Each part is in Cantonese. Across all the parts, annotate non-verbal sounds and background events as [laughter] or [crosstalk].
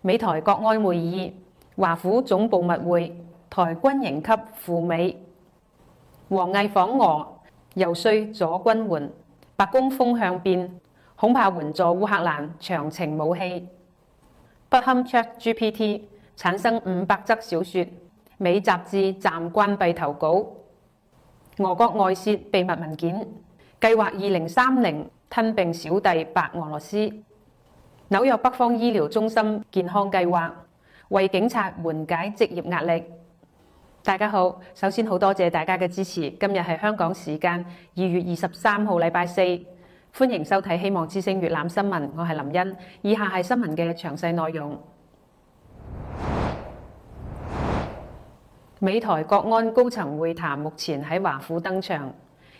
美台國安會議，華府總部密會，台軍營級赴美，王毅訪俄，游說阻軍援，白宮風向變，恐怕援助烏克蘭長程武器。不堪 ChatGPT 產生五百則小説，美雜誌暫關閉投稿。俄國外泄秘密文件，計劃二零三零吞並小弟白俄羅斯。紐約北方醫療中心健康計劃為警察緩解職業壓力。大家好，首先好多謝大家嘅支持。今日係香港時間二月二十三號，禮拜四，歡迎收睇希望之星粵覽新聞。我係林茵，以下係新聞嘅詳細內容。美台國安高層會談目前喺華府登場。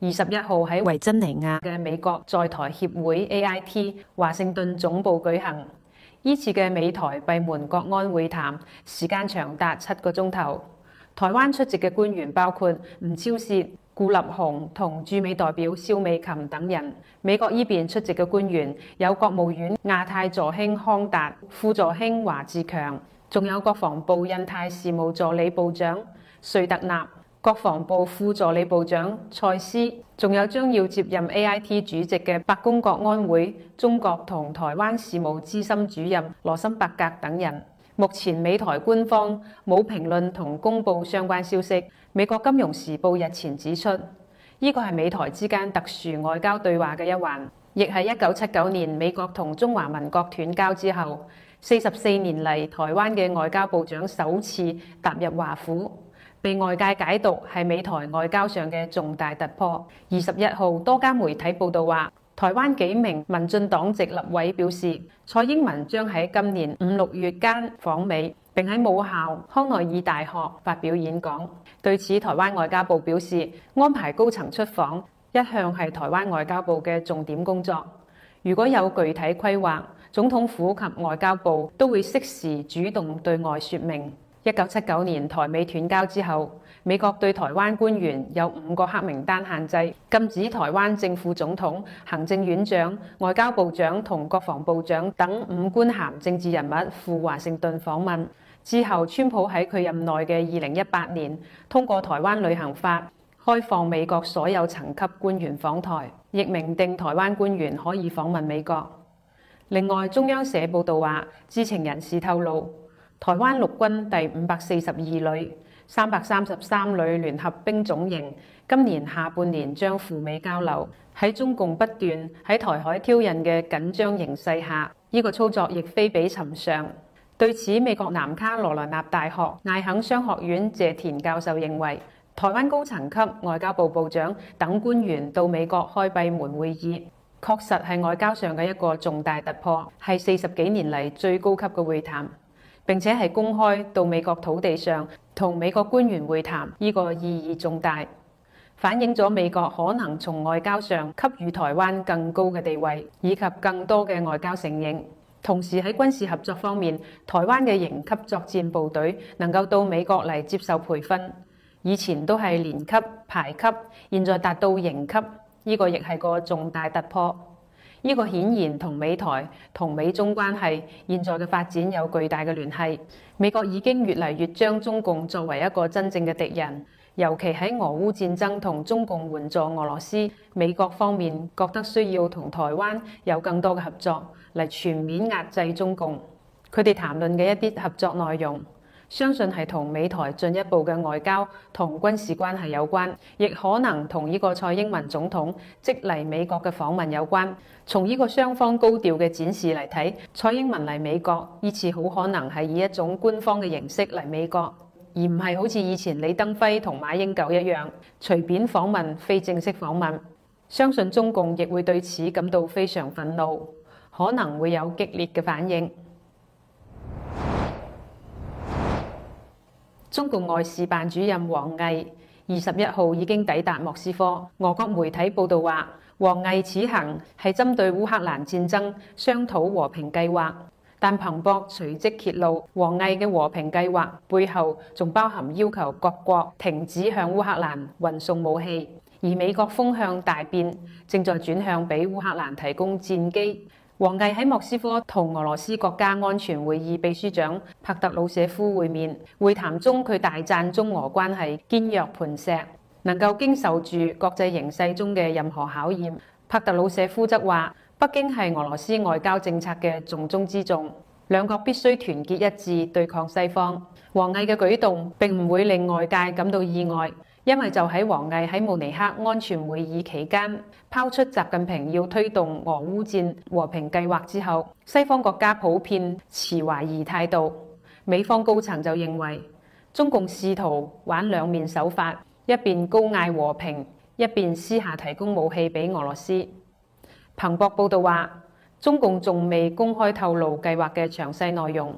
二十一號喺維珍尼亞嘅美國在台協會 A I T 華盛頓總部舉行。呢次嘅美台閉門國安會談時間長達七個鐘頭。台灣出席嘅官員包括吳釗燮、顧立雄同駐美代表蕭美琴等人。美國呢邊出席嘅官員有國務院亞太助卿康達、副助卿華自強，仲有國防部印太事務助理部長瑞特納。國防部副助理部長蔡斯，仲有將要接任 AIT 主席嘅白宮國安會中國同台灣事務資深主任羅森伯格等人。目前美台官方冇評論同公佈相關消息。美國金融時報日前指出，呢個係美台之間特殊外交對話嘅一環，亦係一九七九年美國同中華民國斷交之後四十四年嚟，台灣嘅外交部長首次踏入華府。被外界解讀，係美台外交上嘅重大突破。二十一號，多家媒體報道話，台灣幾名民進黨籍立委表示，蔡英文將喺今年五六月間訪美，並喺母校康奈爾大學發表演講。對此，台灣外交部表示，安排高層出訪一向係台灣外交部嘅重點工作，如果有具體規劃，總統府及外交部都會適時主動對外說明。一九七九年台美斷交之後，美國對台灣官員有五個黑名單限制，禁止台灣正副總統、行政院長、外交部長同國防部長等五官銜政治人物赴華盛頓訪問。之後，川普喺佢任內嘅二零一八年通過《台灣旅行法》，開放美國所有層級官員訪台，亦明定台灣官員可以訪問美國。另外，中央社報道話，知情人士透露。台灣陸軍第五百四十二旅、三百三十三旅聯合兵種營今年下半年將赴美交流。喺中共不斷喺台海挑釁嘅緊張形勢下，呢、這個操作亦非比尋常。對此，美國南卡羅來納大學艾肯商學院謝田教授認為，台灣高層級、外交部部長等官員到美國開閉門會議，確實係外交上嘅一個重大突破，係四十幾年嚟最高級嘅會談。並且係公開到美國土地上同美國官員會談，呢個意義重大，反映咗美國可能從外交上給予台灣更高嘅地位以及更多嘅外交承認。同時喺軍事合作方面，台灣嘅營級作戰部隊能夠到美國嚟接受培訓，以前都係連級排級，現在達到營級，呢個亦係個重大突破。呢、這個顯然同美台、同美中關係現在嘅發展有巨大嘅聯繫。美國已經越嚟越將中共作為一個真正嘅敵人，尤其喺俄烏戰爭同中共援助俄羅斯，美國方面覺得需要同台灣有更多嘅合作，嚟全面壓制中共。佢哋談論嘅一啲合作內容。相信係同美台進一步嘅外交同軍事關係有關，亦可能同呢個蔡英文總統即嚟美國嘅訪問有關。從呢個雙方高調嘅展示嚟睇，蔡英文嚟美國依次好可能係以一種官方嘅形式嚟美國，而唔係好似以前李登輝同馬英九一樣隨便訪問、非正式訪問。相信中共亦會對此感到非常憤怒，可能會有激烈嘅反應。中共外事辦主任王毅二十一號已經抵達莫斯科。俄國媒體報道話，王毅此行係針對烏克蘭戰爭商討和平計劃。但彭博隨即揭露，王毅嘅和平計劃背後仲包含要求各國停止向烏克蘭運送武器。而美國風向大變，正在轉向俾烏克蘭提供戰機。王毅喺莫斯科同俄羅斯國家安全會議秘書長帕特魯舍夫會面，會談中佢大贊中俄關係堅若磐石，能夠經受住國際形勢中嘅任何考驗。帕特魯舍夫則話，北京係俄羅斯外交政策嘅重中之重，兩國必須團結一致對抗西方。王毅嘅舉動並唔會令外界感到意外。因為就喺王毅喺慕尼黑安全會議期間拋出習近平要推動俄烏戰和平計劃之後，西方國家普遍持懷疑態度。美方高層就認為中共試圖玩兩面手法，一邊高嗌和平，一邊私下提供武器俾俄羅斯。彭博報道話，中共仲未公開透露計劃嘅詳細內容，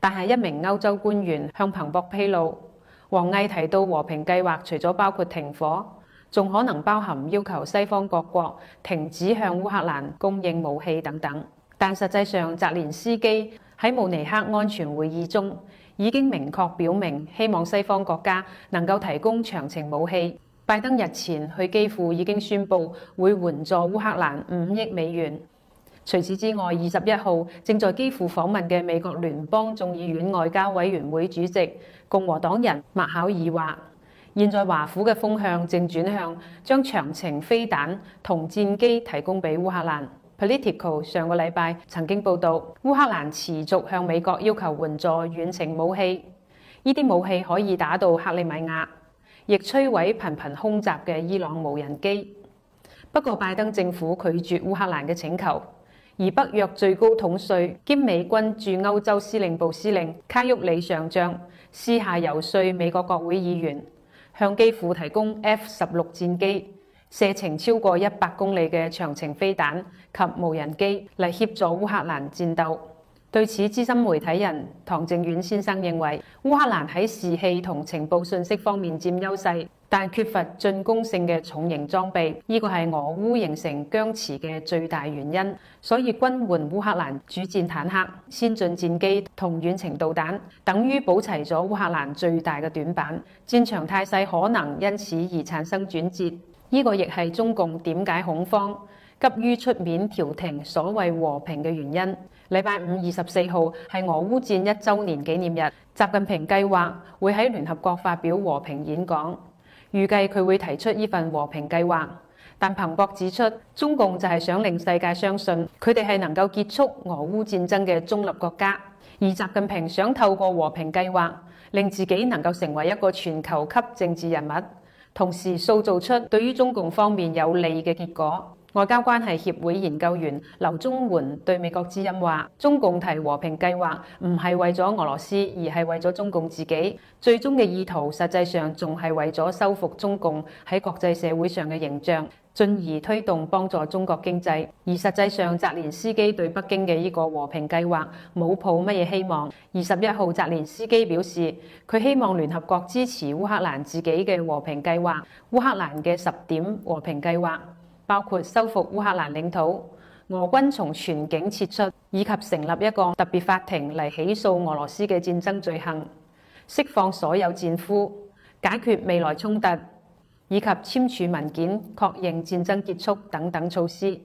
但係一名歐洲官員向彭博披露。王毅提到和平計劃除咗包括停火，仲可能包含要求西方各國停止向烏克蘭供應武器等等。但實際上，澤連斯基喺慕尼黑安全會議中已經明確表明，希望西方國家能夠提供長程武器。拜登日前去基輔已經宣布會援助烏克蘭五億美元。除此之外，二十一號正在基輔訪問嘅美國聯邦眾議院外交委員會主席共和黨人麥考爾話，現在華府嘅風向正轉向將長程飛彈同戰機提供俾烏克蘭。Political 上個禮拜曾經報導，烏克蘭持續向美國要求援助遠程武器，呢啲武器可以打到克里米亞，亦摧毀頻頻空襲嘅伊朗無人機。不過拜登政府拒絕烏克蘭嘅請求。而北約最高統帥兼美軍駐歐洲司令部司令卡沃里上將私下游說美國國會議員，向基輔提供 F 十六戰機、射程超過一百公里嘅長程飛彈及無人機嚟協助烏克蘭戰鬥。對此，資深媒體人唐靖遠先生認為，烏克蘭喺士氣同情報信息方面佔優勢。但缺乏進攻性嘅重型裝備，呢、這個係俄烏形成僵持嘅最大原因。所以，軍援烏克蘭主戰坦克、先進戰機同遠程導彈等於保齊咗烏克蘭最大嘅短板。戰場態勢，可能因此而產生轉折。呢、這個亦係中共點解恐慌，急於出面調停所謂和平嘅原因。禮拜五二十四號係俄烏戰一周年紀念日，習近平計劃會喺聯合國發表和平演講。預計佢會提出呢份和平計劃，但彭博指出，中共就係想令世界相信佢哋係能夠結束俄烏戰爭嘅中立國家，而習近平想透過和平計劃令自己能夠成為一個全球級政治人物，同時塑造出對於中共方面有利嘅結果。外交關係協會研究員劉宗媛對美國之音話：中共提和平計劃唔係為咗俄羅斯，而係為咗中共自己。最終嘅意圖實際上仲係為咗修復中共喺國際社會上嘅形象，進而推動幫助中國經濟。而實際上，澤連斯基對北京嘅呢個和平計劃冇抱乜嘢希望。二十一號，澤連斯基表示，佢希望聯合國支持烏克蘭自己嘅和平計劃，烏克蘭嘅十點和平計劃。包括收復烏克蘭領土、俄軍從全境撤出，以及成立一個特別法庭嚟起訴俄羅斯嘅戰爭罪行、釋放所有戰俘、解決未來衝突，以及簽署文件確認戰爭結束等等措施。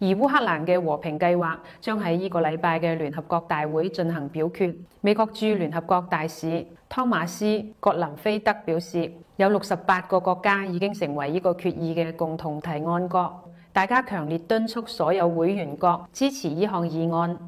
而烏克蘭嘅和平計劃將喺呢個禮拜嘅聯合國大會進行表決。美國駐聯合國大使湯馬斯·葛林菲德表示：有六十八個國家已經成為呢個決議嘅共同提案國，大家強烈敦促所有會員國支持呢項議案，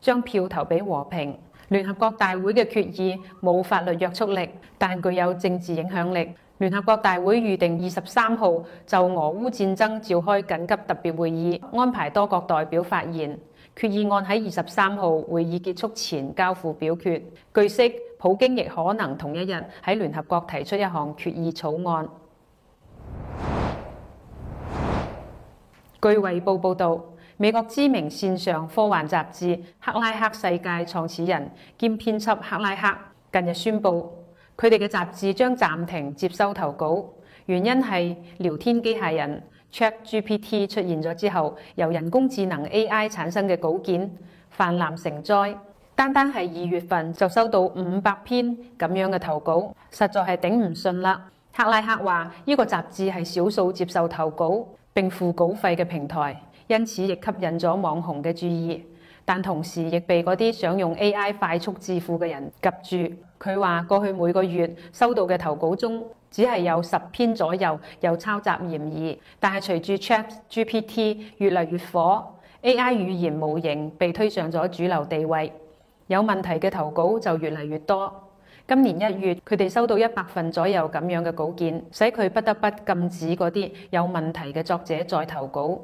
將票投畀和平。聯合國大會嘅決議冇法律約束力，但具有政治影響力。聯合國大會預定二十三號就俄烏戰爭召開緊急特別會議，安排多國代表發言。決議案喺二十三號會議結束前交付表決。據悉，普京亦可能同一日喺聯合國提出一項決議草案。據《衞報》報道，美國知名線上科幻雜誌《克拉克世界》創始人兼編輯克拉克近日宣布，佢哋嘅雜誌將暫停接收投稿，原因係聊天機械人。Chat GPT 出現咗之後，由人工智能 AI 產生嘅稿件氾濫成災。單單係二月份就收到五百篇咁樣嘅投稿，實在係頂唔順啦。克拉克話，呢個雜誌係少數接受投稿並付稿費嘅平台，因此亦吸引咗網紅嘅注意，但同時亦被嗰啲想用 AI 快速致富嘅人盯住。佢話：過去每個月收到嘅投稿中，只係有十篇左右有抄襲嫌疑。但係隨住 ChatGPT 越嚟越火，AI 語言模型被推上咗主流地位，有問題嘅投稿就越嚟越多。今年一月，佢哋收到一百份左右咁樣嘅稿件，使佢不得不禁止嗰啲有問題嘅作者再投稿。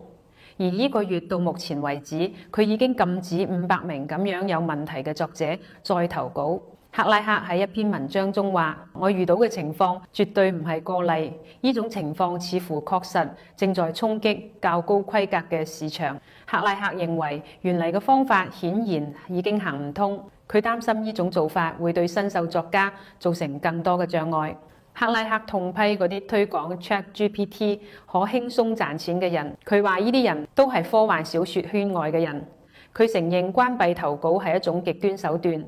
而呢個月到目前為止，佢已經禁止五百名咁樣有問題嘅作者再投稿。克拉克喺一篇文章中話，我遇到嘅情況絕對唔係個例，呢種情況似乎確實正在衝擊較高規格嘅市場。克拉克認為原嚟嘅方法顯然已經行唔通，佢擔心呢種做法會對新手作家造成更多嘅障礙。克拉克痛批嗰啲推廣 ChatGPT 可輕鬆賺錢嘅人，佢話呢啲人都係科幻小說圈外嘅人。佢承認關閉投稿係一種極端手段。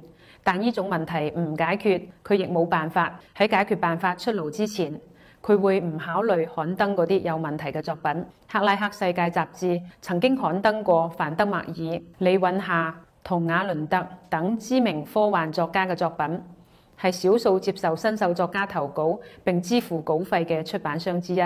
但呢種問題唔解決，佢亦冇辦法，喺解決辦法出爐之前，佢會唔考慮刊登嗰啲有問題嘅作品。克拉克世界雜誌曾經刊登過范德默爾、李允夏同亞倫德等知名科幻作家嘅作品，係少數接受新秀作家投稿並支付稿費嘅出版商之一。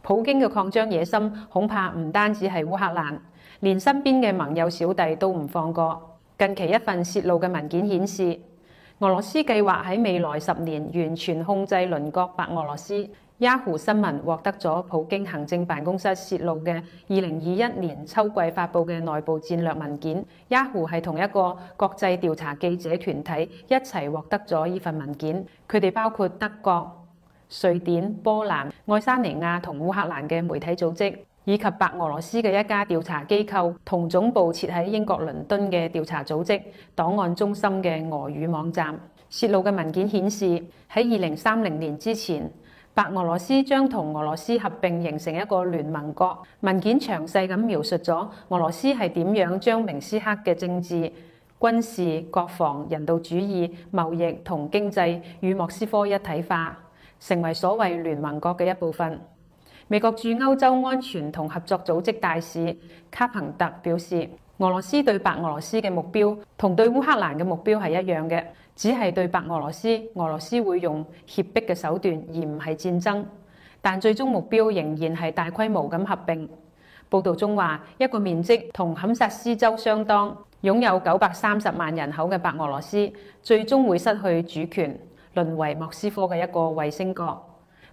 普京嘅擴張野心恐怕唔單止係烏克蘭。連身邊嘅盟友小弟都唔放過。近期一份泄露嘅文件顯示，俄羅斯計劃喺未來十年完全控制鄰國白俄羅斯。Yahoo 新聞獲得咗普京行政辦公室泄露嘅二零二一年秋季發布嘅內部戰略文件。Yahoo 係同一個國際調查記者團體一齊獲得咗呢份文件，佢哋包括德國、瑞典、波蘭、愛沙尼亞同烏克蘭嘅媒體組織。以及白俄羅斯嘅一家調查機構，同總部設喺英國倫敦嘅調查組織檔案中心嘅俄語網站，泄露嘅文件顯示，喺二零三零年之前，白俄羅斯將同俄羅斯合併形成一個聯盟國。文件詳細咁描述咗俄羅斯係點樣將明斯克嘅政治、軍事、國防、人道主義、貿易同經濟與莫斯科一體化，成為所謂聯盟國嘅一部分。美國駐歐洲安全同合作組織大使卡彭特表示，俄羅斯對白俄羅斯嘅目標同對烏克蘭嘅目標係一樣嘅，只係對白俄羅斯，俄羅斯會用脅迫嘅手段，而唔係戰爭，但最終目標仍然係大規模咁合併。報導中話，一個面積同堪薩斯州相當、擁有九百三十萬人口嘅白俄羅斯，最終會失去主權，淪為莫斯科嘅一個衛星國。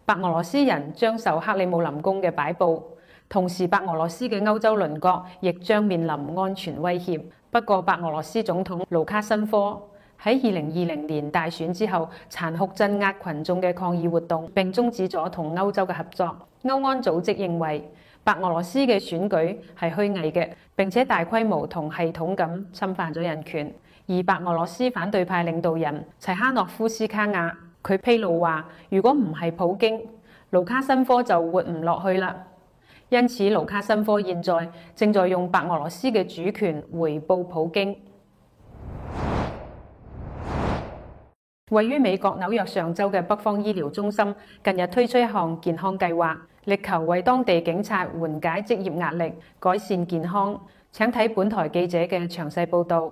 白俄羅斯人將受克里姆林宮嘅擺佈，同時白俄羅斯嘅歐洲鄰國亦將面臨安全威脅。不過，白俄羅斯總統盧卡申科喺二零二零年大選之後殘酷鎮壓群眾嘅抗議活動，並終止咗同歐洲嘅合作。歐安組織認為白俄羅斯嘅選舉係虛偽嘅，並且大規模同系統咁侵犯咗人權。而白俄羅斯反對派領導人齊哈諾夫斯卡亞。佢披露話：如果唔係普京，盧卡申科就活唔落去啦。因此，盧卡申科現在正在用白俄羅斯嘅主權回報普京。 [noise] 位於美國紐約上州嘅北方醫療中心近日推出一項健康計劃，力求為當地警察緩解職業壓力、改善健康。請睇本台記者嘅詳細報導。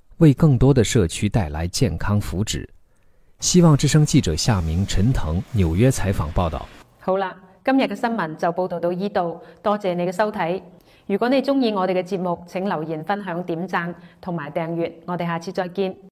為更多的社區帶來健康福祉。希望之聲記者夏明、陳騰，紐約採訪報道。好啦，今日嘅新聞就報道到呢度，多謝你嘅收睇。如果你中意我哋嘅節目，請留言、分享、點讚同埋訂閱。我哋下次再見。